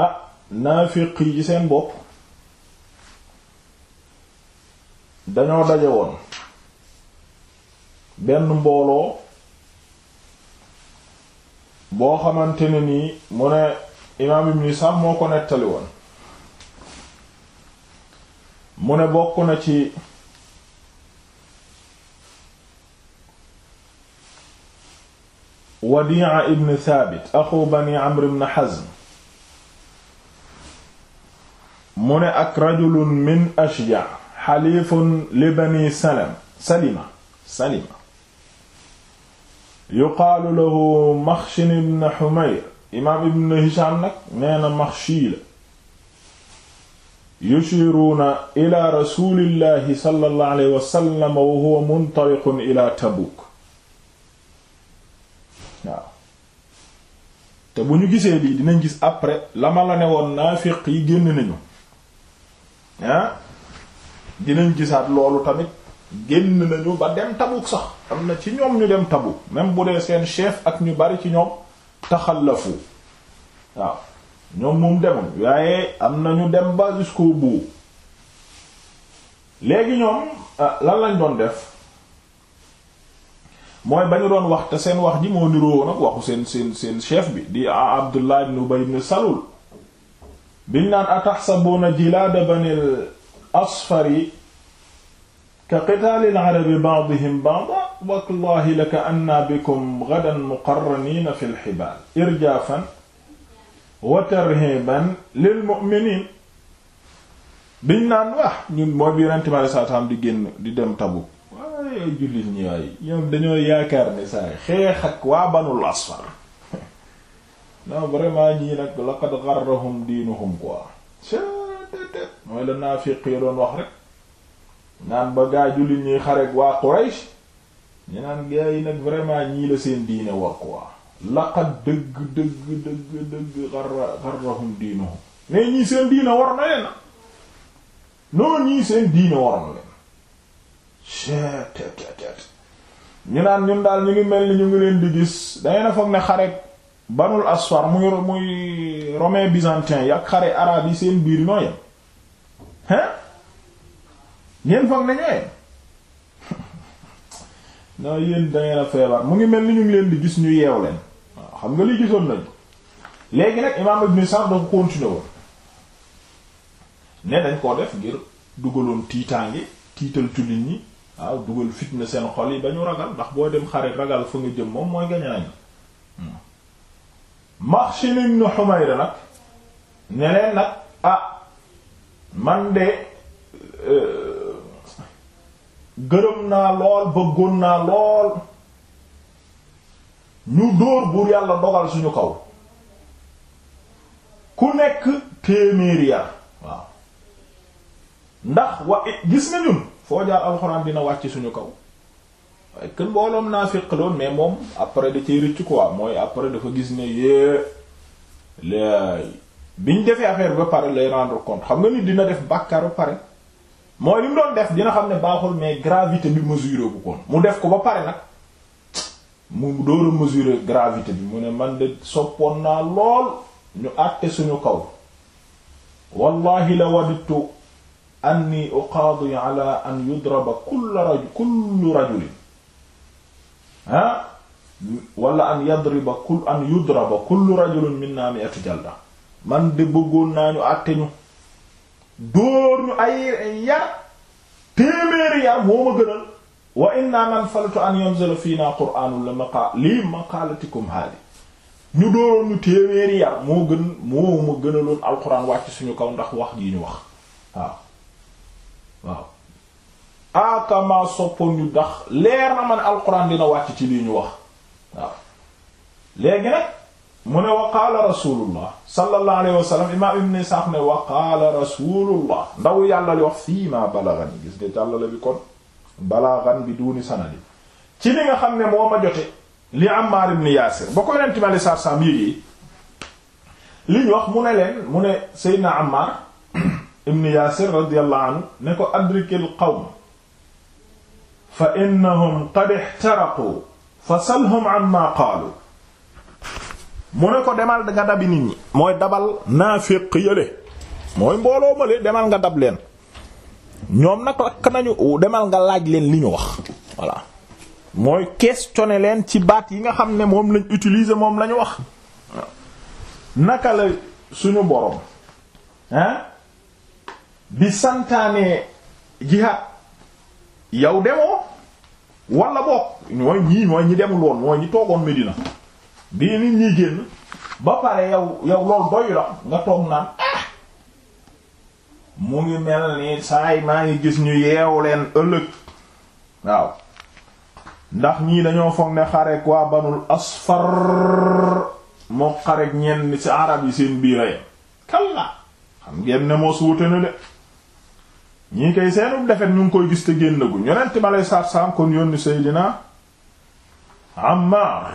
ah naafiq yi seen bopp dañoo daje woon benn mbooloo boo xamante nii mu ne imaam ibn Sa'd moo ko nettali woon mu ne bokk na ci Wadi'a ibn Thabit axu bani Amr ibn Hazm mu ak rajulun min ashja xalifun li bani salima salima yuqaalu lahu maxshin ibn xumair imaam ibn hisham nag nee na maxshi ila rasulillahi sallallahu alayhi wasallam wa huwa ila tabuk waaw te bu ñu gisee lii dinañ gis après lama la ne woon naafiq yi génn nañu ah dinañ gisaat loolu tamit génn nañu ba dem Tabuk sax am na ci ñoom ñu dem Tabuk même bu dee seen chef ak ñu bari ci ñoom taxallafu waaw ñoom moom demoon waaye am na ñu dem ba jusqu'au bout léegi ñoom ah, lan lañ doon def mooy ba ñu doon wax te seen wax ji moo niroo woon ak waxu seen seen seen chef bi di Abdullah ibn Ubay ibn Salul biñ naan ataxsabuuna jilaada banil asfari ka qitaalil arabi ba'dihim ba'dan wallahi laka-annaa bikum gadan muqarraniina fil xibaal irjaafan wa tarhiiban lil mu'miniin biñ naan wax ah, ñun moo bi Yonent bi sallallahu alayhi wa sallam di génn di dem Tabuk waaye jullit ñi waaye ñoom dañoo yaakaar ne saa xeex ak waa banul asfar non vraiment ñii nag laqad gharrahum diinuhum quoi cettt mooy la naafiq yi doon wax rek naan ba gaa jullit ñuy xarek waa Quraysh ñu naan gaa yi nag vraiment ñii la seen diine war quoi laqad dëgg dëgg dëgg dëgg ñii seen diine war na leen noonu ñii seen diine war na ñu naan ñun daal ñu ngi mel ni ñu ngi leen di gis dangeen a foog ne xarek banul asfar muy muy romain byzantin yi ak xare arabe yi seen biir ñoo yem hein ngeen foog ne ñoo yem non a feebar mu ngi mel ni ñu leen di gis ñu yeew leen waaw xam nga li gisoon na léegi nag imaam Ibn Sa'd dafa continuer woon ne dañ koo def ngir dugaloon tiitaange tiital jullit ñi waaw dugal fitna seen xol yi ba ñu ragal ndax boo dem xare ragal fa nga jëm moom mooy gañe nañ hmm. Maxshin ibn Humayr nag ne nag ah man de euh, gërëm naa lool bëggoon naa lool ñu dóor buur yàlla dogal suñu kaw ku nekk téeméeri yar waaw ndax wa gis nga ñun foo jaar alxuraan dina wàcc suñu kaw fekk mbooloom naafiq loon mais moom après da cee rëcc quoi mooy après dafa gis ne yée biñ defee affaire ba pare lay rendre compte xam nga nit dina def bàkkaar ba pare mooy li mu doon def dina xam ne baaxul mais gravité bi mesuré bu kon mu def ko ba pare nag mu door a gravité bi mu ne man de soppoon naa lool ñu àtte suñu kaw wallahi la wadditu anni uqaadi ala an yudraba kullu rajul kullu rajulin ah wala an yadriba kul an yudraba kullu rajulin minna mi'atu jalda man de bëggoon naa ñu àtte ñu dóor ñu ay yar téeméeri yar moo ma gënal wa inna man falatu an yunzila fiina qur'aanun la maqa li maqalatikum haadi ñu dooroon ñu téeméeri yar moo gën moo ma gënaloon alquran wàcc suñu kaw ndax wax ji ñu wax waaw waaw akama soppoon ñu dax leer na man alquran dina wàcc ci lii ñu wax waaw léegi nag mu ne wa qaala rasulullah sallallahu alayhi wa sallam imam ne wa qaala rasulullah ndaw yàlla li wax fii ma balagan gis nga jàlla la bi kon balagan bi duuni sanadi ci li nga xam ne moo ma jote li Ammaar ibn Yaasir ba ko yonent bi alei satu salaam yéegee li ñu wax mu ne leen mu ne Seydina Ammaar ibn Yaasir radiyallahu ne ko adrikil qawm fa innahum qad ihtaraqu fa salhum amma qaalu mu ne ko demal nga dabi nit ñi mooy dabal naafiq yële mooy mbooloo male demal nga dab leen ñoom nag lakk nañu demal nga laaj leen li ñu wax voilà mooy questionner leen ci baat yi nga xam ne moom lañ utiliser moom lañu wax naka la suñu boroom ah di santaane yow demoo wala boog ñooy ñii ñooy ñi demul woon mooy ñi toogoon Medina bii nit ñi génn ba pare yow yow loolu doy la nga toog naan ah, mu ngi mel ni saay maa ngi gis ñu yeewu leen ëllëg waaw ndax ñii dañoo foog ne xareek waa banul asfar moo xareek ñenn ci arab yi seen biira ya kalla xam ngeen ne mos wute na de ñii kay seenum defet ñu ngi koy gis te génnagu yonent bi aleyhi salaatu salaam kon yónni Seydina Ammaar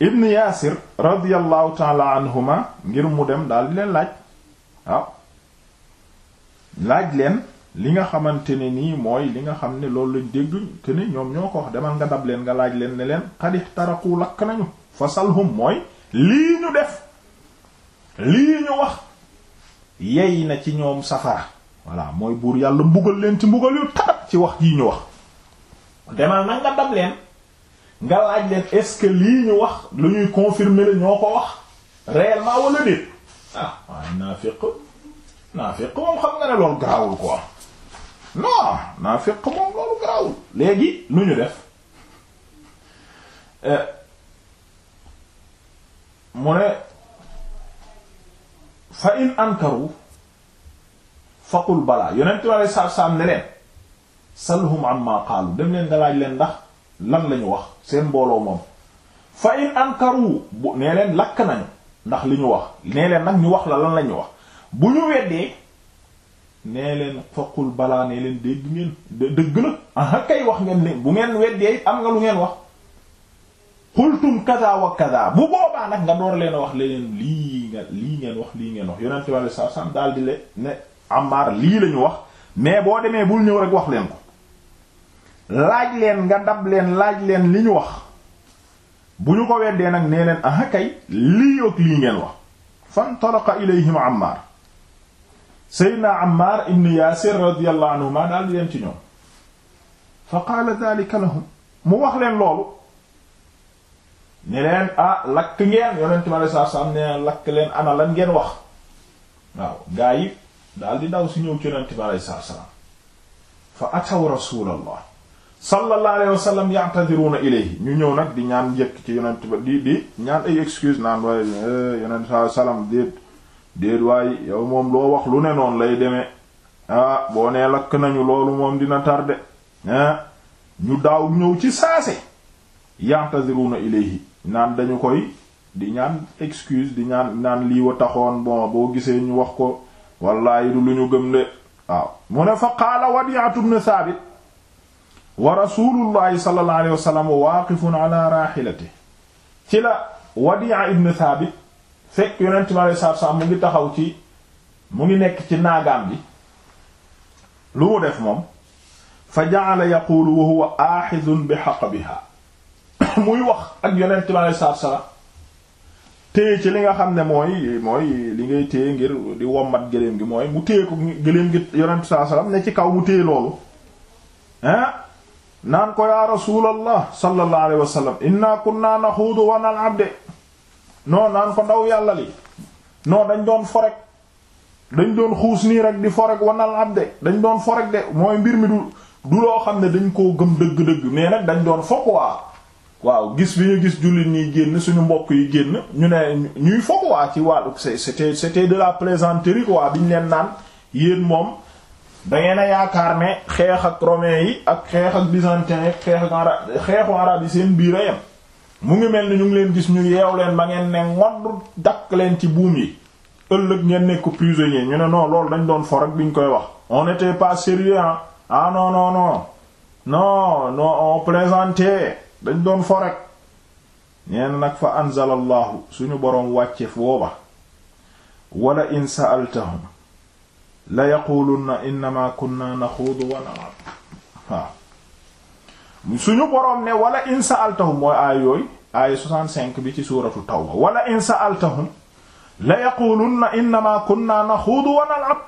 ibn Yaasir radiyallahu taala anhuma ngir mu dem daal di leen laaj waaw laaj leen li nga xamante ne nii mooy li nga xam ne loolu lañ dégg te ni ñoom ñoo ko wax demal nga dab leen nga laaj leen ne leen xadix taraku lakk nañu fasalhum mooy lii ñu def lii ñu wax yey na ci ñoom safara voilà mooy buur yàlla mbugal leen ci mbugal yu tar ci wax jii ñu wax demal nag nga dab leen nga laaj leen lii ñu wax lu ñuy confirmer la ñoo ko wax réellement wala déet ah waaye naafiq naafiq moom xam nga ne loolu garawul quoi non naafiq moom loolu garawul léegi lu ñu def euh, mu ne fa ankaru faqul balaa yonent bi alei satu salaam ne leen salhum amma qaalu dem leen nga laaj leen ndax lan lañu wax seen mbooloo moom fa in ankaru bu nee leen lakk nañu ndax li ñu wax nee leen nag ñu wax la lan lañu wax bu ñu weddee nee leen faqul balaa nee leen dégg ngeen dëgg la aha kay wax ngeen ne bu ngeen weddee am nga lu ngeen wax xultum kaza wa kaza bu boobaa nag nga door leen a wax leneen lii nga lii ngeen wax lii ngeen wax yonent bi alei satu daal di leen ne Ammaar lii lañu wax mais boo demee bul ñëw rek wax leen ko laaj leen nga dab leen laaj leen li ñu wax bu ñu ko weddee nag nee leen aha lii ak lii ngeen wax fantalaqa ilayhim Ammaar Seydina Ammaar ibn Yaasir radiyallahu anhuma daal di leen ci ñoom fa qaala dhalika lahum mu wax leen loolu ne leen ah lakk ngeen yonent mi sallallahu alayhi wasallam ne lakk leen ana lan ngeen wax waaw gaa yi daal di daaw si ñëw ci yonent bi aleyhi salaatu salaam fa ataw rasulallah sallallahu alayhi ilayhi ñu ñëw nag di ñaan njëkk ci yonent ba di di ñaan ay excuse naan waaye eh, yonent saa salaam déet déet waaye yow moom loo wax lu ne noon lay deme ah boo nee lakk nañu loolu moom dina tardé eh, ñu daaw ñëw ci saase ya'tadiruna ilayhi naan dañu koy di ñaan excuse di ñaan naan lii wa taxoon bon boo gisee ñu wax ko. wallaahi du lu ñu gëm de waaw mu ne fa qaala wadi'atu ibn thabit wa rasulullahi sallallahu alayhi wa sallam waaqifun ala raahilatihi ci la wadi'a ibn thabit fekk yonent mi alei satu mu ngi taxaw ci mu ngi nekk ci naagaam bi lu mu def moom fa ja'ala yaqulu wa huwa aaxidun bi haqbiha muy wax ak yonent mi alei satu téye ci li nga xam ne mooy mooy li ngay téye ngir di wommat gëléem gi mooy mu téye ko gëléem gi yonent saa salaam ne ci kaw mu téye naan ko yaa rasuulallah sallallahu alayhi wasallam inna kunna naxuudu wa naan ko ndaw yàlla li non dañ doon forek dañ doon xuus nii rek di forek wa nal'ab dañ doon forek de mooy mbir mi du du loo xam ne dañ koo gëm dëgg-dëgg mais nag dañ doon fokk waa waaw gis bi ñu gis jullit ñuy génn suñu mbokk yi génn ñu ne ñuy foog waa ci wàllu c'était c'était de la plaisanterie quoi biñ leen naan yéen moom ngeen a yaakaar ne xeex ak romains yi ak xeex ak byzantins xeex ak ara xeexu arab yi seen biir a yem mu ngi mel ni ñu ngi leen gis ñu yeew leen ba ngeen ne ngodd dakk leen ci buum yi ëllëg ngeen nekk prisonnier ñu ne non loolu dañ doon for ak bi ñu koy wax on n'était pas sérieux ah non non non non on plaisantait dañ doon forek neen nag suñu boroom wàcce in sa'altahum la yaqulunna innama kunna naxuudu wa nal'ab waaw suñu boroom ne wala in sa'altahum mooy aay yooyu aay 65 bi ci suuratu tawba wala in sa'altahum la yaqulunna innama kunna naxuudu wa nal'ab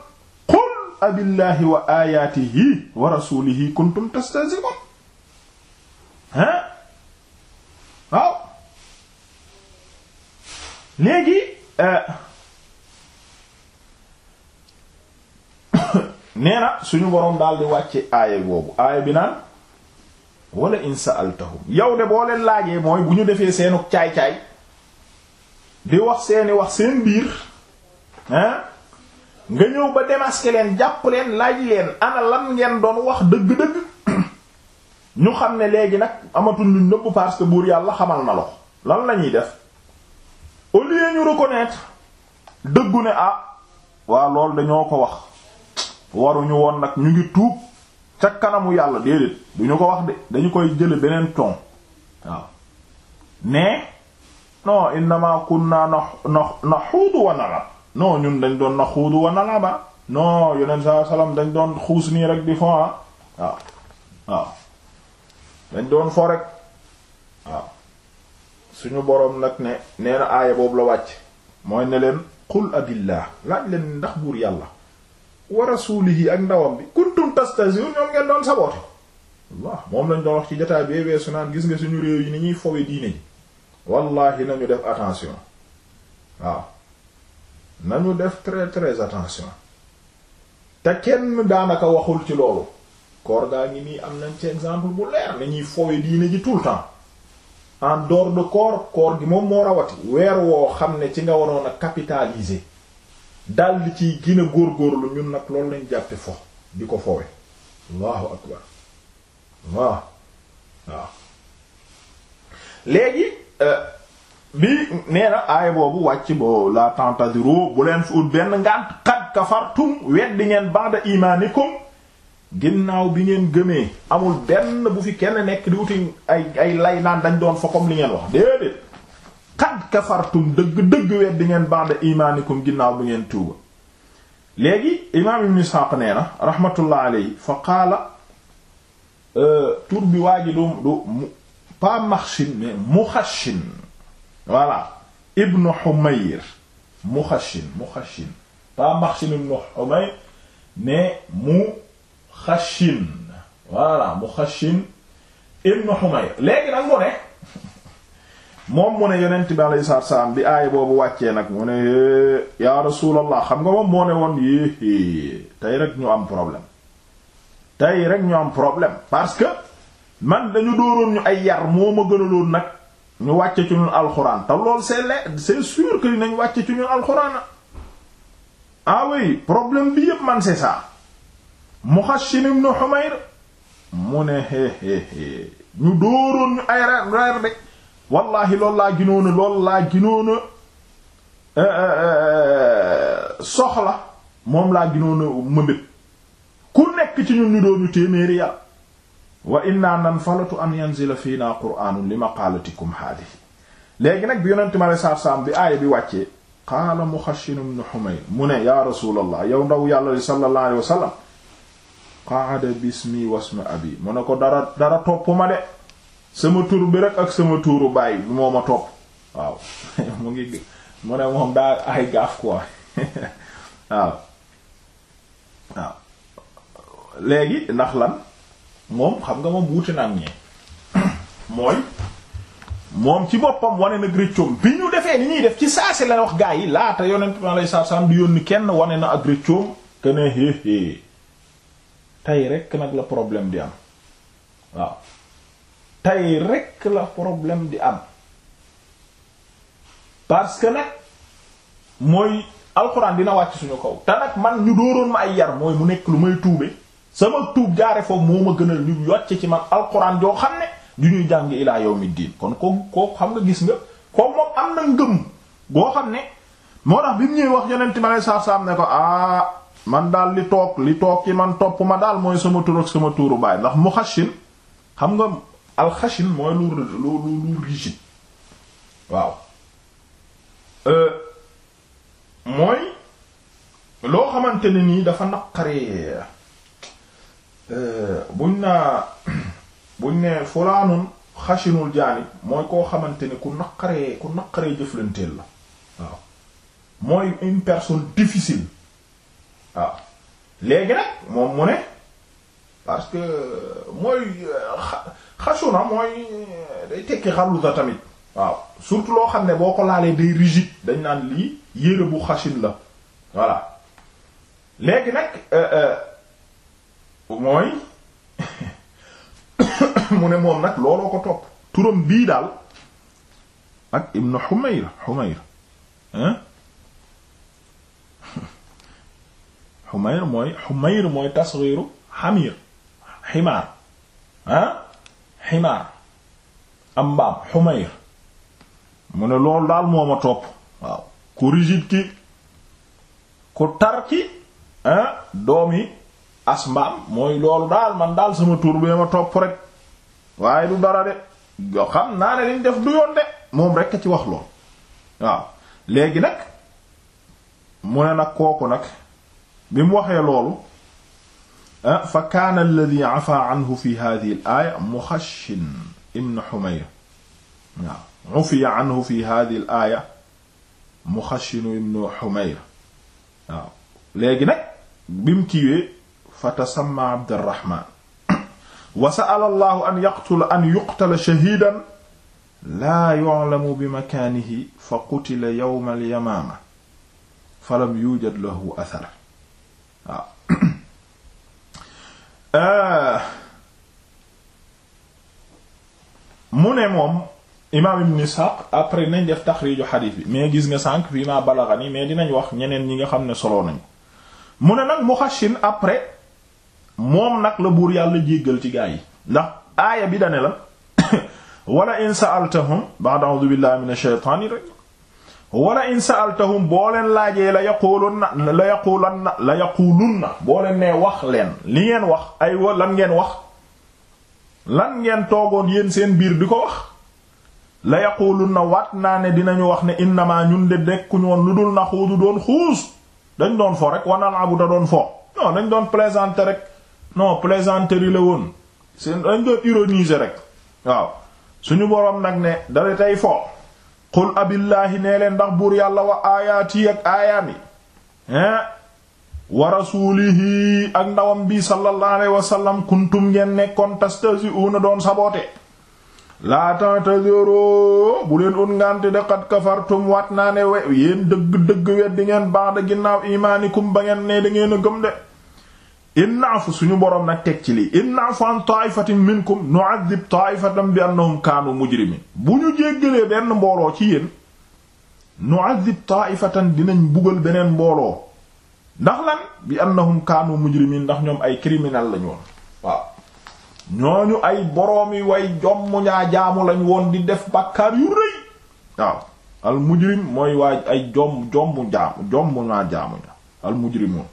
qul abillahi wa aayaatihi wa rasuulihi kuntum tastahzi'uun ha waaw léegi euh, nee na suñu boroom daal di wàcce aaya boobu aaya bi naan wala in sa'altahum yow de boo leen laajee mooy bu ñu defee seenu caay-caay di wax seeni wax seen biir nga ñëw ba démasquer leen jàpp leen laaj leen ana lan ngeen doon wax dëgg-dëgg ñu xam ne léegi nag amatul lu nëbb parce que buur yàlla xamal na lo lan la ñuy def au lieu ñu reconnaître dëggu ne ah waa loolu dañoo ko wax waruñu woon nag ñu ngi tuub ca kanamu yàlla déedéet du ñu ko wax de dañu koy jële beneen ton waaw mais non innama kunna na na na xuudu wa nalab non ñun dañ doon na xuudu wa nalaba non yonent saa sallam dañ doon xuus nii rek di fon ah waaw lañ doon fo rek waaw suñu boroom nag ne nee na aaya boobu la wàcc mooy ne leen qul abillah laaj leen ndax buur yàlla wa rasulihi ak ndawam bi kuntum tastahzi'un ñoom ngeen doon saboote allah moom lañ doon wax ci jotaay bi weesu naan gis nga suñu réew yi ni ñuy fowe diine ji wallahi nañu def attention waaw nañu def très très attention te kenn daanaka waxul ci loolu koor gaa ngi nii am nañ ci exemple bu leer nañuy fowe diine ji tout le temps en dehors de koor koor gi moom moo rawati weer woo xam ne ci nga waroon a capitaliser dal ci ciy gën góor lu ñun nag loolu lañ jàppe fo di ko fowe allahu akbar waaw waaw léegi euh, bi nee na aaya boobu wàcc bo la tentadiro bu leen fi ut benn ngànt xad kafartum weddi ngeen ba'da imanikum ginnaaw bi ngeen gëmee amul benn bu fi kenn nekk di wuti ay ay lay naan dañ doon fa li ngeen wax déedéet qad kafartum dëgg-dëgg weet di ngeen ba'da imaanikum ginnaaw bi ngeen tuuba léegi imaam ibn nee na rahmatullah alayhi fa qaala euh, tur bi waa ji du du pas Maxshin mais Muxashin voilà ibnu Humayr Muxashin Muxashin pas Maxshin ibnu Humayr mais mu Xashin voilà mu Xashin ibnu Humayr léegi nag ne moom mu ne yonent bi alayhi salaatu salaam bi aaya boobu wàccee nag mu ne yaa rasuulallah xam nga moom moo ne woon yéexée tey rek ñu am problème tey rek ñu am problème parce que man dañu dooroon ñu ay yar moo ma gënaloon nag ñu wàcce ci ñun alxuraan te lool c'est le c'est sûr que dinañ wàcce ci ñun alxuraan ah oui problème bi yépp man c'est ça Muxashin ibn Humayr mu ne hehehe ñu dooroon ñu ay reer reer de wallaahi loolu laa ginoona loolu laa ginoona eh, eh, eh, soxla moom laa ginoona mëmbét ku nekk ci ñun ñu doon ñu téeméeri yàlla wa inna nanfalatu an yanzila fiina qur'aanun li maqaalatikum haadihi léegi nag bi yonente mi aleye satu salaam bi aaya bi wàccee qaala Muxashin ibn Humayr mu ne ya rasulallah yow ndaw yàlla li sallallahu alayhi wa sallam qaada bismi wasma abi mu ne ko dara dara topp ma de sama tuur bi rek ak sama tuuru baay bi moo ma topp waaw mu ngi mu ne moom daa ay gaaf quoi waaw léegi ndax lan moom xam nga ma wuute na ak ñee mooy moom ci boppam wane na rëccoom bi ñu defee ni ñuy def ci si la wax gaa yi laata yonent bi alayhi salaam di yónni kenn wane na ak rëccoom que ne hé tey rek nag la problème di am waaw tey rekk la problème di am parce que nag mooy alxuraan dina wàcc suñu kow te nag man ñu dooroon ma ay yar mooy mu nekk lu may tuube sama tuub jaare foofu moo ma gënal ñu yocc ci man alxuraan joo xam ne du ñuy jàng ilaa yawmi diin kon ko ko xam nga gis nga ko moom am na ngëm goo xam ne moo tax bi mu ñuy wax yonent ma lay saar saam ne ko ah man daal li toog li toog ci man topp ma daal mooy sama tur ak sama tuuru baay ndax mu xashin xam nga alxashin mooy lu lu lu rigide waaw euh, mooy loo xamante ne nii dafa naqaree euh, buñ naa buñ ne fulaanun xashinul jaani mooy koo xamante ne ku naqaree ku naqaree jëflanteel la waaw mooy une personne difficile waaw ah. léegi nag moom mu ne parce que mooy euh, xasu na mooy euh, day tekki xarluta tamit waaw surtout loo xam ne boo ko laalee day rigide dañ naan lii yére bu xasin la voilà léegi nag euh, mooy mu ne moom nag looloo ko topp turam bii daal ak ibnu Humayr Humayr hein xumayr mooy xumayr mooy tasghiru xamir ximaar ah ximaar am mbaam xumayr mu ne loolu daal moo ma topp waaw ku rigide ki ku tar ki ah, doomi as mbaam mooy loolu daal man daal sama tur bee ma topp rek waaye du dara de yoo xam naa ne liñ def du yoon de moom rek a ci wax lool waaw léegi nag mu ne nag kooku nag bi mu waxee loolu ah, fa kaana alladi afa anhu fi hadihi al aaya muxashin ibn xumayr waaw ufiya anhu fi hadihi al aaya muxashinu ibn xumayr waaw léegi nag bi mu kiiwee fa tasamma abdirahman wa sa'ala allahu an yaqtula an yuqtala shahidan laa yu'lamu bi makaanihi fa qutila yawma al yamaama falam yujad lahu athar waaw ah. euh, mu ne moom imaam ibn Ishaq après nañ def taxriiju xadiis bi mais gis nga sànq fii ma balaxani mais dinañ wax ñeneen ñi nga xam ne solo nañ mu ne nag Muxashin après moom nag la buur yàlla jéggal ci gaa yi ndax aaya bi dane la wala in sa'altahum ba'da a'udhu billahi a shaytaanir rajiim wala in sa'altahum boo leen laajee la yaqulunna la yaqulanna la yaqulunna boo leen nee wax leen li ngeen wax ay wa lan ngeen wax lan ngeen toogoon yéen seen biir di ko wax la na waat naa ne dinañu wax ne innama ñun de dekkuñu woon lu dul na xuudu doon xuus dañ doon fo rek wanal abuta doon fo non dañ doon plaisanter rek non plaisanterie la woon seen dañ doon ironiser rek waaw suñu boroom nag ne dara tey fo qul abillaahi nee leen ndax buur yàlla wa aayaati ak aayaami hein wa rasuulihi ak ndawam bi sallallahu alayhi wasallam kuntum ngeen nekkoon tastahzi'una doon saboote laa ta'tazuru bu leen ut ngante de qad kafartum waat naa ne we yéen dëgg dëgg weddi ngeen ba'da ginnaaw imaanikum ba ngeen ne da ngeen a gëm de inaafu suñu boroom nag teg ci lii inaafu an ta'ifatin minkum nu'adhib ta'ifatan bi annahum kaanu mujrimin bu ñu jéggalee benn mbooloo ci yéen nu'adhib ta'ifatan dinañ bugal beneen mbooloo ndax lan bi annahum kaanu mujrimin ndax ñoom ay criminel lañu woon waaw ñooñu ay boroomi way jomm ñaa jaamu lañ woon di def bàkkaar yu rëy waaw al mujrim mooy waay ay jomm jomm jaamu jomm ñaa jaamu ña al mujrimoon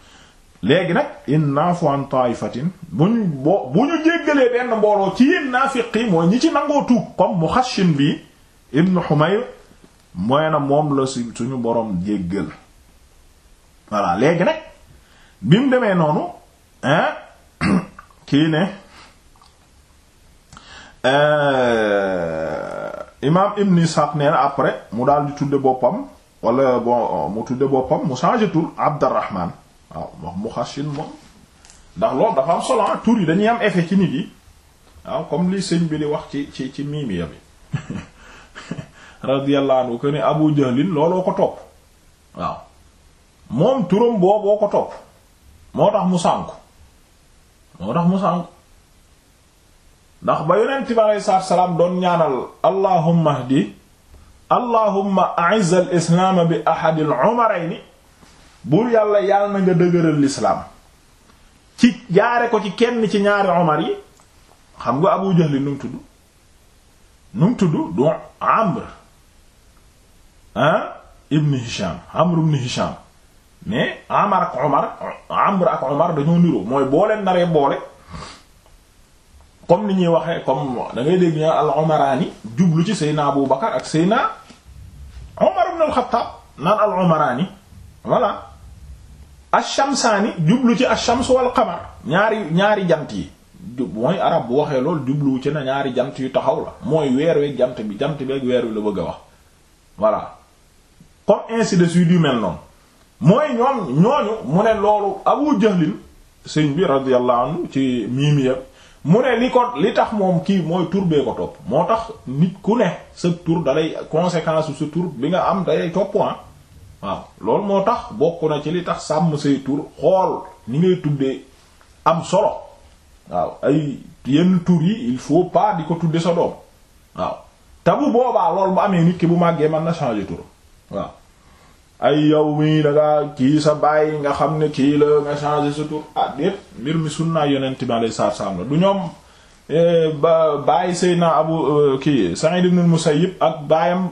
léegi nag in na'fu an ta'ifatin bu ñu boo bu ñu jéggalee benn mbooloo ci yéen naafiq yi mooy ñi ci nangoo tuub comme Muxashin bi ibnu Humayr mooy na moom la si suñu boroom jéggal voilà léegi nag bi mu demee noonu hein kii ne euh, imaam Ibn Ishaq nee na après mu daal di tudde boppam wala bon mu tudde boppam mu changé tur Abdurrahman waaw wax mu xashin moom ndax loolu dafa am solo ah, tur yi dañuy am effet ci nit yi waaw comme li sëñ bi di wax ci ci ci miimiya bi radiyallahu anhu que Abu Jahlin looloo ko topp waaw moom turam booboo ko topp moo tax mu sànku moo tax mu sànku ndax ba yonent bi aleyhi salaatu wa salaam doon ñaanal allahumma hdi allahumma a'izzal islaama bi ahadil umarayni buur yàlla yàlla na nga dëgëral lislaam ci jaare ko ci kenn ci ñaari omar yi xam nga abu jahl nu mu tudd nu mu tudd du amr ah ibn hisham amr ibn hisham mais amar ak omar amr ak omar dañoo niroo mooy booleen naree boole comme ni ñuy waxee comme da ngay dégg ña al omaraani jublu ci seyna abu bakar ak seyna omar ibn al naan al omaraani voilà ash-shamsaani jublu ci ash-shams wal qamar ñaari ñaari jant yi mooy arab bu waxee loolu jubluwu ci na ñaari jant yu taxaw la mooy weer weeg jant bi jant bi weer wi la bëgg a wax voilà comme ainsi de suite mel noonu mooy ñoom ñooñu mu ne loolu Abu Jahlin sëñ bi radiyallahu anhu ci miimi yëpp mu ne li ko li tax moom kii mooy tur bee ko topp moo tax nit ku ne sa tur dalay conséquence su sa tur bi nga am dalay topp ah waaw loolu moo tax bokku na ci li tax sàmm say tur xool ni ngay tuddee am solo waaw ay yenn tur yi il faut pas di ko tudde sa doom waaw te boobaa lool ba amee nit ki bu màggee man na changer tur waaw ay yow mii dangaa kii sa bàyyi nga xam ne kii la nga changer sa tur ah mbir mi sunnaa yonent bi alayhi salaam la du ñoom eh, ba bàyyi Seydina Abu eh, kii Sa'id ibn al-Musayyib ak baayam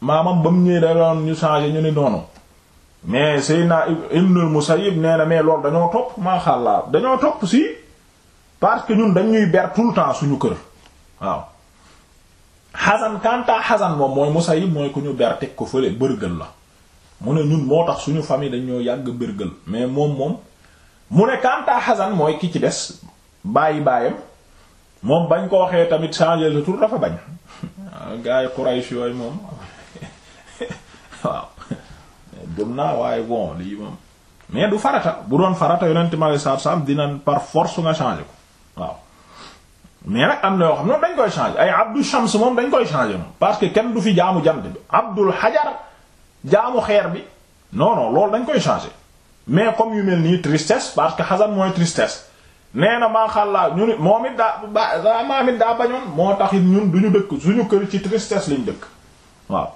maamam ba mu ñëwee da doon ñu changé ñu ni noonu mais Seydina Ibnul Musayyib nee na mais loolu dañoo topp maa dañoo topp si parce que ñun dañuy ber tout le temps suñu kër waaw xasan kanta xasan moom mooy Musayyib mooy ku ñu ber teg ko fële bërgël la mu ne ñun moo tax suñu famille dañoo yàgg bërgël mais moom moom mu ne kanta xasan mooy ki ci des bàyyi baayam moom bañ ko waxee tamit changer le tour dafa bañ waaw gars yi Quraysh moom waaw gëm naa waaye bon lii moom mais du farata bu doon farata yonent ma lay saab dina par force nga changer ko waaw mais nag am na yoo xam noonu dañ koy changer ay abdu shams moom dañ koy changer moom parce que kenn du fi jaamu jant bi abdul hajar jaamu xeer bi non loolu dañ koy changer mais comme yu mel nii tristesse parce que xasan mooy tristesse nee na maa xàllaa ñu moo moom it daa ba maam it daa bañoon moo tax it ñun duñu dëkk suñu kër ci tristesse lañ dëkk waaw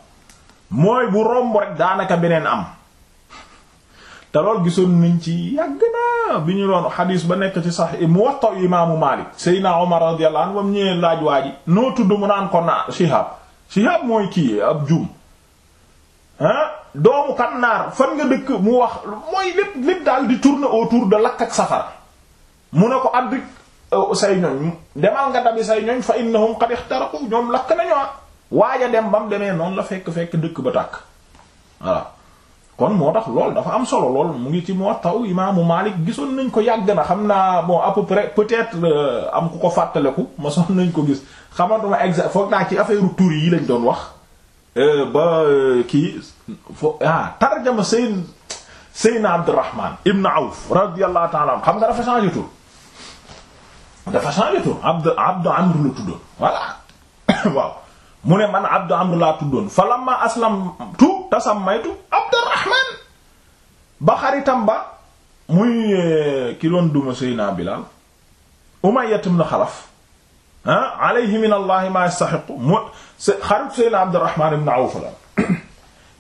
mooy bu romb rek daanaka beneen am te lool gisoon nañ ci yàgg na bi ñu doon xadiis ba nekk ci sax Muwatta imaamu Maalik Seydina Omar radiyallahu anhu ñëwee laaj waa ji noo tudd mu naan ko mooy kii ab doomu kan naar fan nga dëkk mu wax mooy lépp lépp daal di tourner autour de lakk ak safara mu ne ko addik euh, say ñoñ demal nga dabi say ñoñ fa innahum qad ihtaraqu ñoom lakk nañu ah. waaja dem ba mu demee noonu la fekk fekk dëkk ba tàkk kon moo tax lool dafa am solo lool mu ngi ci moo taw imaamu Malik gisoon nañ ko yàgg na xam naa bon à peu près euh, am ku ko fàttaleku ma son nañ ko gis xamantuma exact foog naa ci affaire tur yi lañ doon wax euh, ba euh, kii fo ah tarjama Seyn Seyna Abdurrahman Ibn Awf radiyallahu ta'ala xam nga dafa changé tur dafa changé Abd Abd Amr la tuddoon mu ne man abdu amr laa tuddoon fa lamma aslamtu tasammaytu abdurrahman ba xaritam ba muy eh, ki doon seyna bilaal umayyah ibn xalaf ah alayhi min allahi ma yastaxiqu mu xarit seyna abdurrahman ibn awf la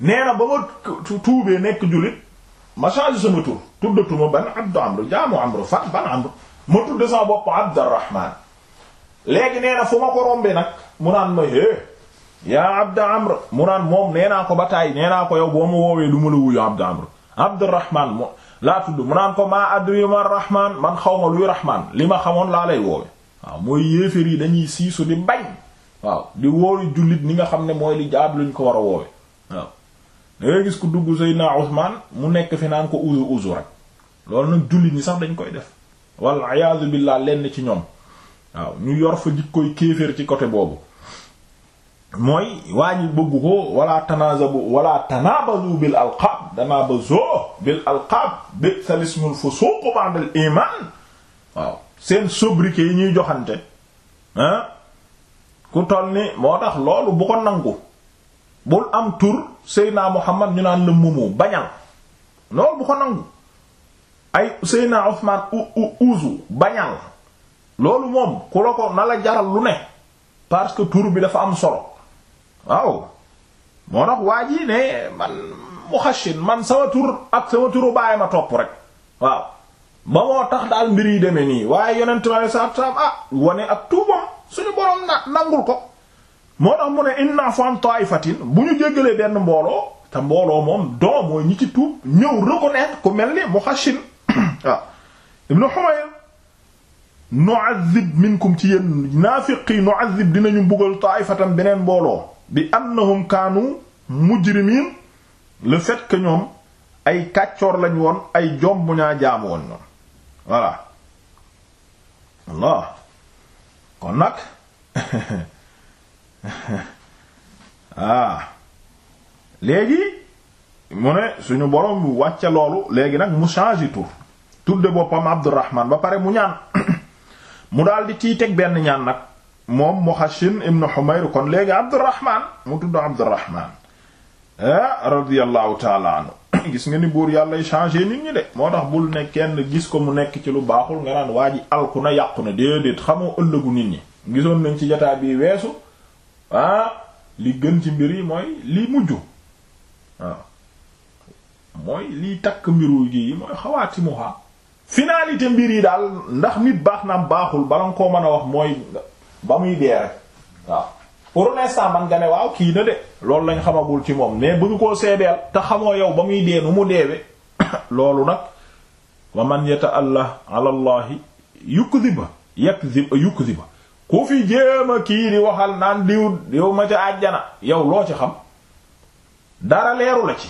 nee na ba ma tuubee nekk jullit ma changé sama tur tuddatuma ban abdu amr jaamu amr fa ban amr ma tudde sama bopp abdurrahman léegi nee na fu ma ko rombee mu naan mooy é eh, yaa abda amr mu naan moom nee naa ko ba taay nee naa ko yow boo ma woowee lu ma la wuyu abda amr abdurahman mo laa tudd mu naan ko maa adri ma rahman man xaw ma luy rahman li ma xamoon laa lay woowe yi dañuy siisu di waaw di wóoru jullit ni nga xam ne mooy li jaab luñ ko war a woowe waaw da ngay gis ko dugg Seydina Usmaan mu nekk fi naan ko uzu uzu rek loolu nag jullit ñi sax dañ koy def wal iyaadu billaah lenn ci ñoom waaw ñu yor fa jikkoy kéeféer ci côté boobu mooy waa ñi bëgg ko wala tanazabu wala tanabazu bil alqab tanabazu bil alqab bi salismul fusuq ba'da al iman seen sobriquet yi ñuy joxante ah ku toll ni moo tax loolu bu ko nangu bul am tur Seydina Muhammad ñu naan la mumu bañal loolu bu ko nangu ay Seydina Usmaan bañal loolu moom ku la ko na jaral lu ne parce que tur bi dafa am solo waaw moo tax waa ji ne man muxashin man sama tur ak sama bàyyi ma topp rek waaw ba moo tax daal mbir yi demee nii waaye yonent ma saab saab ah wane ak tuubam suñu boroom na nangul ko moo tax mu ne inna fan ta'ifatin bu ñu jéggalee benn mbooloo te mbooloo moom doom mooy ñi ci tuub ñëw reconnaître ku mel ni mu muxashin waaw ibnu Humayr nu'adhib minkum ci yéen naafiqi nu'adhib dinañu mbugal ta'ifatan beneen mbooloo bi annahum kaanu mujrimiin le fait que ñoom ay kàccoor lañ woon ay jomb ñaa jaam woon ñoom voilà Allah kon nag ah léegi mu ne suñu borom bu wàcce loolu léegi nag mu changé tour tudde boppam Abdurrahman ba pare mu ñaan mu daldi ciy teg benn ñaan nag moom Muhashin ibn Humayr kon léegi Abdurrahman mu tudd Abdurrahman ah radiyallahu taala anhu gis nga ni buur yàllay changé nit ñi de moo tax bul ne kenn gis ko mu nekk ci lu baaxul nga naan waa ji alku na yàqu na déedéet xamoo ëllëgu nit ñi ngisoon nañ ci jotaay bii weesu ah li gën ci mbir yi mooy li mujj waaw mooy liy takk mbiru gi mooy xawaatimuha finalité mbir yi daal ndax nit baax na baaxul bala nga koo mën a wax mooy ba muy dee rek waaw pour l'instant man nga waaw kii na de loolu lañ xamagul ci moom mais bëgg koo seedeel te xamoo yow ba muy dee nu mu deewe loolu nag wa man yata'alla ala allahi yukdhiba yakdhib yukdhiba ku fi jéem kii di waxal naan diw diw ma ca àjjana yow loo ci xam dara leeru la ci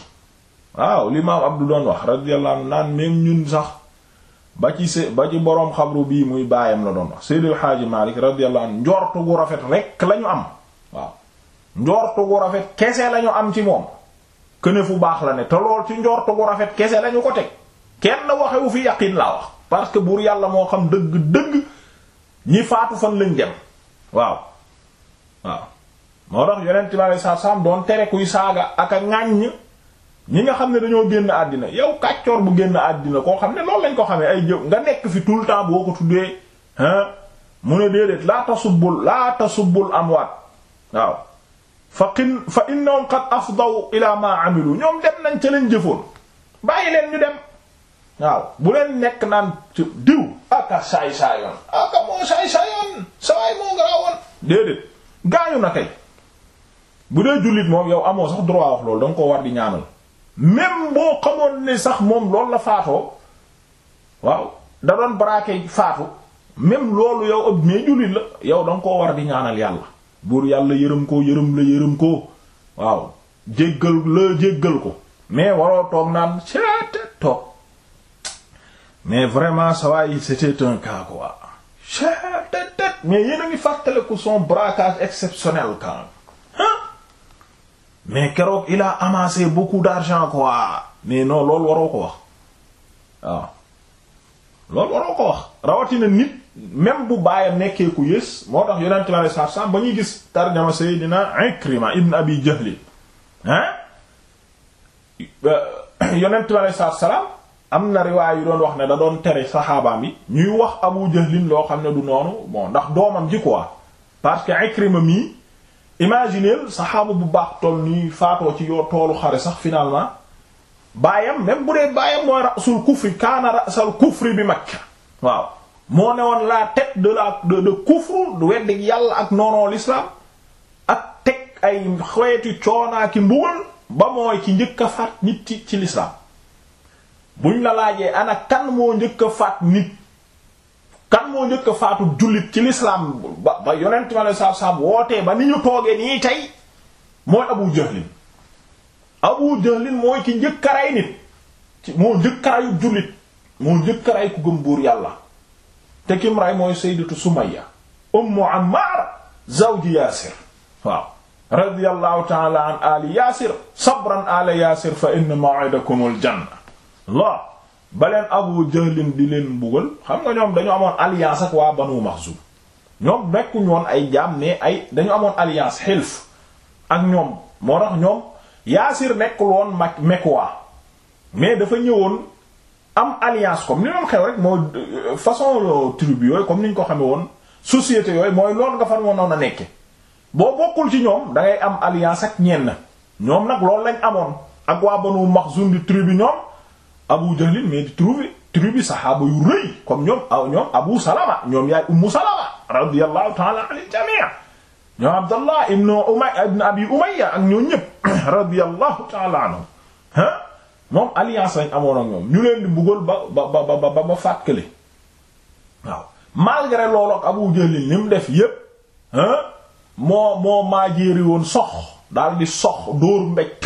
waaw li maam Abdu doon wax radiyallahu naan même ñun sax ba ci se ba ci boroom xabru bii muy baayam la doon wax Seydou Hadji Malick radiyallahu anhu njortu rafet rek lañu am waaw njortu rafet kese lañu am ci moom këne fu baax la ne te lool ci njortu gu rafet kese lañu ko teg kenn waxewu fi yaqin laa wax parce que buur yàlla moo xam dëgg-dëgg ñi faatu fan lañ dem waaw waaw moo tax yonent bi sallallahu alayhi wasallam doon tere kuy saaga ak a ŋàññ ñi nga xam ne dañoo génn àddina yow kàccoor bu génn àddina koo xam ne loolu lañ ko xamee ay jëw nga nekk fi tout le temps boo ko tuddee ah mu ne déedéet laa tasubul laa tasubul amwaat waaw fa qin fa innahum qad afdaw ila ma amilu ñoom dem nañ ca lañ jëfoon bàyyi leen ñu dem waaw bu leen nekk naan ci diw aka saay saayoon aka moo saay saayoon sawaay moo garaawoon déedéet gaañu na kay bu dee jullit moom yow amoo sax droit wax loolu danga ko war di ñaanal même boo xamoon ne sax moom loolu la faatoo waaw da doon braqué faatu même loolu yow ab mais jullit la yow da nga koo war di ñaanal yàlla buur yàlla yërëm ko yërëm la yërëm ko waaw jéggal la jéggal ko mais waroo toog naan seete toog mais vraiment ça va c'était un cas quoi seete mais yéen a ngi fàttaliku son braquage exceptionnel quand mais keroog il a amassé beaucoup d'argent quoi mais non loolu waroo ko wax waaw loolu waroo ko wax rawatina nit même bu baayam nekkee ku yées moo tax yonent la saaf ba ñuy gis tarjama Seydina Ikrima ibn Abi Jahl hein euh, yonent bi aleyhi salaatu am na riwaay yu doon wax ne da doon tere saxaabaam yi ñuy wax Abu Jahlin loo xam ne du noonu bon ndax doomam ji quoi parce que Ikrima mii imaginez saxaabu bu baax toll nii faatoo ci toolu xare sax finalement baayam même bu dee baayam mooy rasul kufri kaana rasal kufri bi Makka waaw moo ne woon la tête de la de de kufru weddi yàlla ak noonoo l'islam ak teg ay xeetu coonaa ki mbugal ba mooy ci njëkk a faat nit ci ci l'islam buñ la laajee ana kan moo njëkk faat nit kan moo njëkk a faatu jullit ci l'islam ba ba yonent ma la wootee ba ni ñu toogee nii tey mooy Abu Jahlin Abu Jahlin mooy ki njëkk a rey nit moo njëkk jullit moo njëkk ku gëm yàlla te kim rey mooy sayyidatu Sumayya ummu Ammar zawji Yaasir waaw radiyallahu ta'ala an Yaasir sabran ala Yaasir fa inna maw'idakumul janna Allah ba leen Abu Jahlin di leen mbugal xam nga ñoom dañu amoon alliance ak waa Banu Maxsum ñoom nekku ñoon ay jaam ne ay dañu amoon alliance xilf ak ñoom moo tax ñoom Yaasir nekkul woon mak Mekwa mais dafa ñëwoon am alliance comme ni doon rek moo façon tribu yooyu comme ni ñu ko xamee woon société yooyu mooy loolu nga fan moo noon a nekke boo bokkul ci ñoom dangay ngay am alliance ak na ñoom nag loolu lañ amoon ak waa ban Banu Maxsum di tribu ñoom Abu Jahl mais di trouver tribu yu rëy comme ñoom ah, ñoom Abu Salama Ummu Salama radiyallahu ta'ala anil jami' ñoom Abdallah ibn ibn Abi Umayya ak ñoo ñëpp radiyallahu ta'ala anhum ah moom alliance lañ amoon ak ñoom ñu di bëggoon ba ba ba ba ba fàttali waaw malgré loolu ak Abu Jahl li mu def yépp moo moo maajéeri woon sox daal di sox dóor mbéj.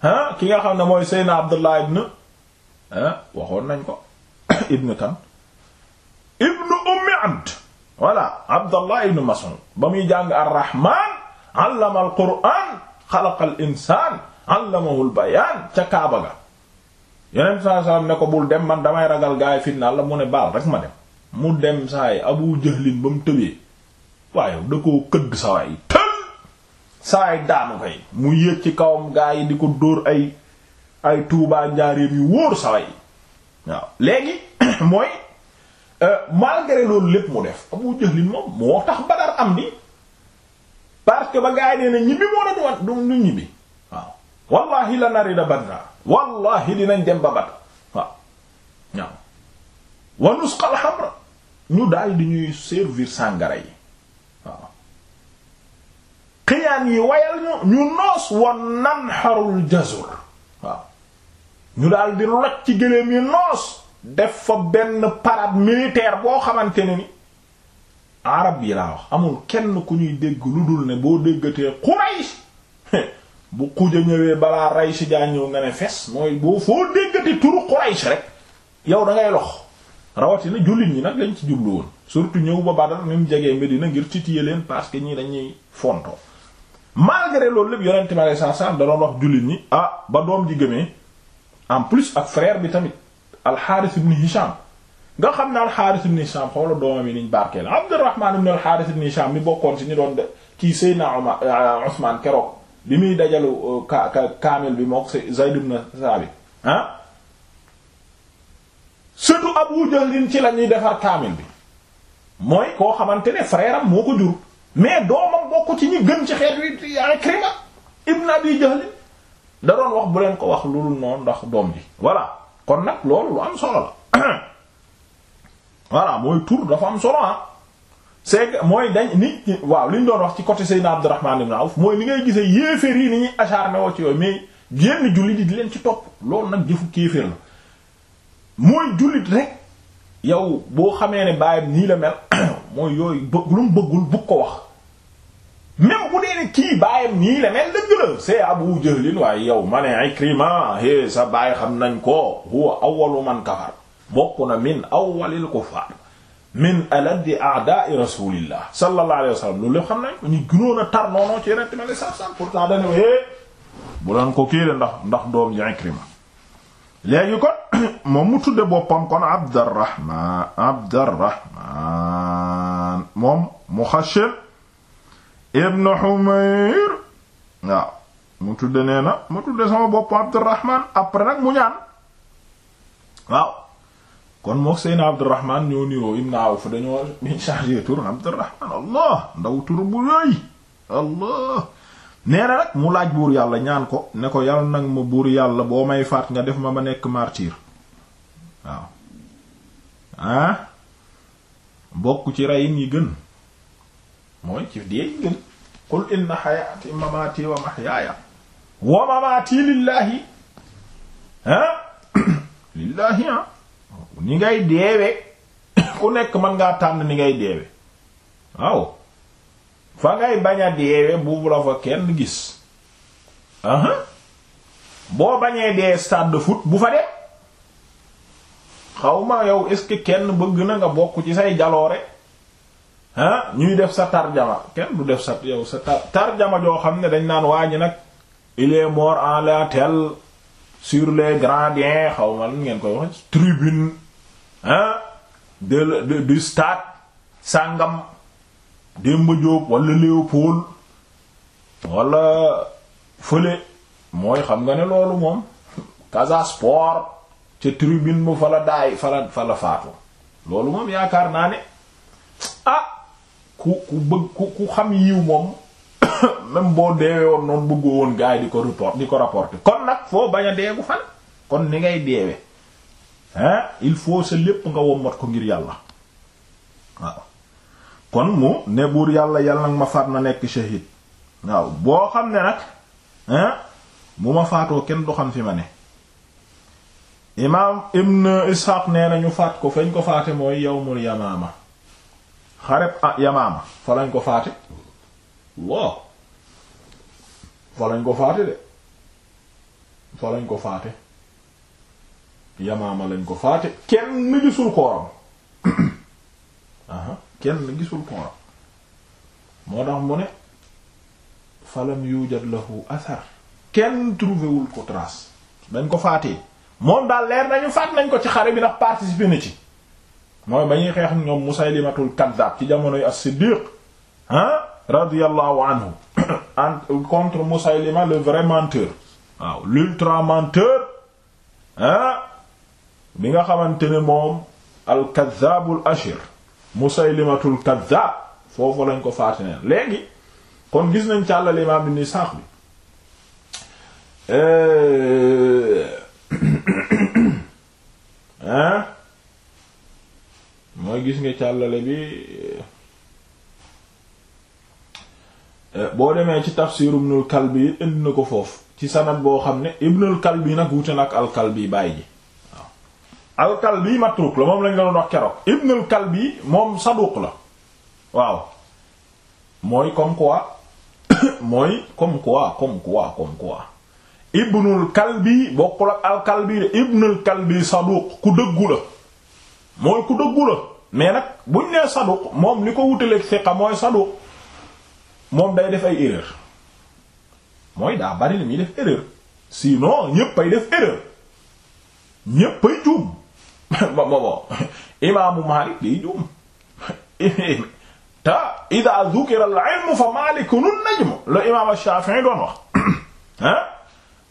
ah ki nga xam ne mooy Seyna Abdullah ibn ah waxoon nañ ko ibn kan ibn ummi abd voilà Abdullah ibn Mas'ud ba muy jàng ar-Rahman allama al-Qur'an xalaqa al ca Kaaba ga yeneen saa salaam ne ko bul dem man damay ragal gaa yi la mu ne baal rek ma dem mu dem saa yi Abu Jahlin ba mu tëbee waaye da koo këdd saa yi. saay daanu koy mu yéeg ci kawam gaa yi di ko dóor ay ay tuubaa njaareem yu wóor saway waaw léegi mooy euh, malgré loolu lépp mu def Abu Jahl moom moo tax Badar am di parce que ba gaa yi nee ñibbi moo doon wan du ñibbi waaw wallahi la nari da Badra wallahi dinañ dem ba Badr waaw waaw wa nusqa al-hamra ñu ñuy servir sàngara yi xiyaan yi wayal ñu ñu noos wan nan jazur waaw ñu daal di loj ci gëléem yi noos def fa benn parade militaire boo xamante ne ni arab yi laa wax amul kenn ku ñuy dégg lu dul ne boo déggatee Quraysh bu xuj ñëwee balaa ray si jaa ñëw nga ne fes mooy boo foo déggati turu Quraysh rek yow da ngay lox rawatina jullit ñi nag lañ ci jublu woon surtout ñëw ba Badar ni mu jegee Medina ngir titiller leen parce que ñii dañuy fontoo malgré loolu lépp yonent mi alayhi salaam da wax jullit ñi ah ba doom ji gëmee en plus ak frère bi tamit alxaaris ibn Hisham nga xam ne alxaaris ibn Hisham xoola doomam yi niñ barkeel Abdurrahman ibn alxaaris ibn Hisham mi bokkoon ci ñi doon kii Seydina Omar euh, Ousmane keroog bi muy dajalu euh, ka ka kaamil bi moo ko Zayd ibn Saabit ah surtout Abu Jahl ci la ñuy defar kaamil bi mooy koo xamante ne frère moo ko jur mais doomam bokk ci ñi gën ci xeet wi Ikrima ibn Abi Jahl da doon wax bu leen ko wax loolu noonu ndax doom ji voilà kon nag loolu lu am solo la voilà mooy tur dafa am solo ah c'est mooy dañ nit waaw li ñu doon wax ci côté Seydina Abdourahman ibn Awf mooy ni ngay gisee yéeféer yi ni ñuy acharné woo ci yooyu mais génn jullit yi di leen ci topp loolu nag jëfu kéeféer la mooy jullit rek yow boo xamee ne bàyyam nii la mel mooy yooyu bëgg lu mu bëggul bu ko wax même bu dee ne kii bàyyam nii mel dëgg la Abu Jahlin waaye yow ma ne Ikrima é sa bàyyi xam nañ ko huwa awwalu man kafar bokk na min awwalil kuffar min aladi a'da'i rasulillah sallallahu alayhi wa sallam loolu lépp xam nañ ñu gënoon a tar noonoo ci yenente ma le sa-sam pourtant dane waé bu leen ko kii de ndax ndax doom ji Ikrima léegi kon moom mu tudde boppam kon Abdarrahman Abdarrahman moom Muxashir ibn Humayr waaw mu tudde nee na mu de sama bopp Abdurrahman après nag mu ñaan waaw kon moo seyna Abdurrahman ñoo niroo Ibn Awf dañoo changer tur Abdurrahman allah ndaw tur allah nee na mu laaj buur yàlla ñaan ko ne ko yàlla nag ma buur yàlla boo may faat nga def ma ma nekk martyr waaw ah bokk ci reyin yi gën mooy ci dee yi gën qul inna hayati mamati wa mahyaaya wa mamati lillaahi ah lillaahi ah ni ngay deewe ku nekk mën ngaa tànn ni ngay deewe waaw fa ngay bañ deewe bu la fa kenn gis boo bañee dee stade de foot bu fa de xaw ma yow est-ce que kenn bëgg na nga bokk ci say jaloore ñuy def sa tarjama kenn du def sa yow sa tarjama joo xam ne dañ naan waa ñi nag il est mort en la telle sur les gradins xaw ma lan ngeen koy wax tribune ah de stade sàngam Demba Diop wala Léopold wala fële mooy xam nga ne loolu moom Casa Sport ca tribune bu fa la daay fa la faatu loolu moom yaakaar naa ne ah ku ku bëgg ku ku xam yiw moom même boo deewee woon noonu bëggoo woon gars di ko report di ko rapporter kon nag foo bañ a fan kon ni ngay deewe hein il faut sa lépp nga wommat ko ngir yàlla waaw kon mu ne buur yàlla yàlla nag ma faat na nekk shahid waaw boo xam ne nag hein bu ma faatoo kenn du xam fi ma ne imaam ibn ishaq nee na faat ko fañ ko faate mooy yawmul yamaama xareb ah yamaama fa lañ ko faate waaw fa lañ ko faate de fa lañ ko faate yamaama lañ ko faate kenn gisul kooram kenn gisul koora moo tax mu ne falam yujad lahu athar kenn trouvé wul ko dañ ko faatee moom daal leer nañu faat nañ ko ci xare bi ndax participé na ci mooy ba ñuy xeex ñoom Musaylimatul Kaddaab ci jamonoy as-Siddiq ah radiyallahu anhu en contre Musaylima le vrai menteur waaw l'ultra menteur ah, bi nga xamante ne moom al-Kaddaabul Ashir mu Musaylimatul Kaddaab foofu lañ ko faati neen léegi kon gis nañ càllal imaam bi ni sànq bi hein mooy gis nga càllale bi eh, boo demee ci tafsiru ibnul Kalbi indi na ko foofu ci sanad boo xam ne ibnul Kalbi nag wute nag al Kalbi bàyyi ji al-Kalbi matruk la moom lañ la doon wax keroog Ibn al-Kalbi moom saduq la waaw mooy comme quoi mooy comme quoi Ibnul Kalbi bokkul ak al-Kalbi Ibnul Kalbi saduq ku dëggu la mooy ku dëggu la mais nag buñ nee saduq moom li ko wutaleeg siqa mooy saduq moom day def ay erreur mooy daa bari li muy def erreur sinon ñépp ay def erreur ñépp ay ba boobu imaamu Maalik day juum te ida dhukira al-ilmu fa Maalikun najm la imaam Shaafi'i doon wax ah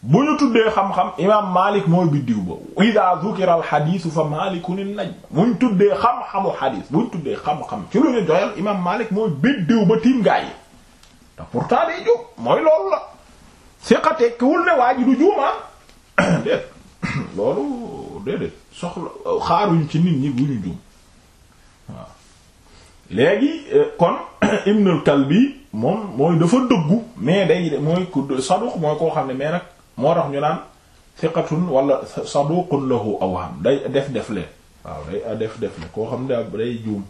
bu ñu tuddee xam-xam imaam Maalik mooy biddiw ba ida dhukira al-hadiisu fa Maalikun najm bu ñu tuddee xam-xamu hadiis bu ñu tuddee xam-xam ci lu ñu doyal imaam Maalik mooy biddiw ba tiim gaa yi te pourtant day juum mooy loolu la siqa tekkiwul ne waa ji du juumaa ah. déet loolu déedéet soxla xaaruñ ci nit ñi bu ñu juum waaw léegi euh, kon Ibnul Kalbi moom mooy dafa dëggu mais day mooy ku saduq mooy koo xam ne mais nag moo tax ñu naan thiqatun wala saduqun lahu awham day def def le waaw day ah, def def le koo xam ne day juum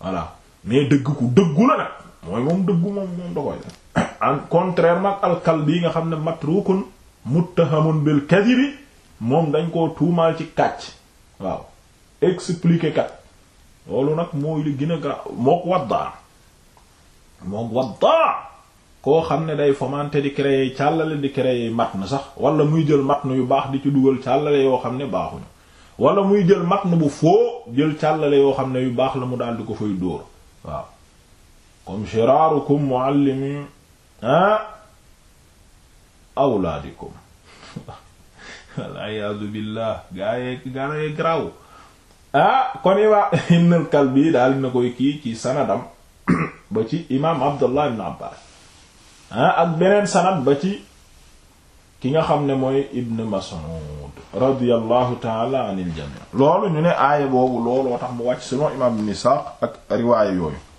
voilà mais dëgg ku dëggu la nag mooy moom dëggu moom da koy def en contrairement ak nga xam ne matrukun muttahamun bil kadhibi moom dañ koo tuumaal ci kàcc waaw expliquer kat loolu nag mooy li gën a gra mook waddaa mook waddaa koo xam ne day fomenter di créer càllale di créer matn sax wala muy jël matn yu baax di ci dugal càllale yoo xam ne baaxuñu wala muy jël matn bu foo jël càllale yoo xam ne yu baax la mu daal di ko fay dóor waaw comme shirarukum muallimi ah awlaadikum aliyasu billah gaa yee gaana yee graw ah kon imaam ibn al-Kalbi daal na koy kii ci sanadam ba ci imaam Abdullah ibn Abbas ah, ak beneen sanad ba ci ki nga xam ne mooy ibn Mas'ud radiyallahu taala anil jami' loolu ñu ne aaya boobu looloo tax mu wàcc selon imaam ibn Ishaq ak riwaaya yooyu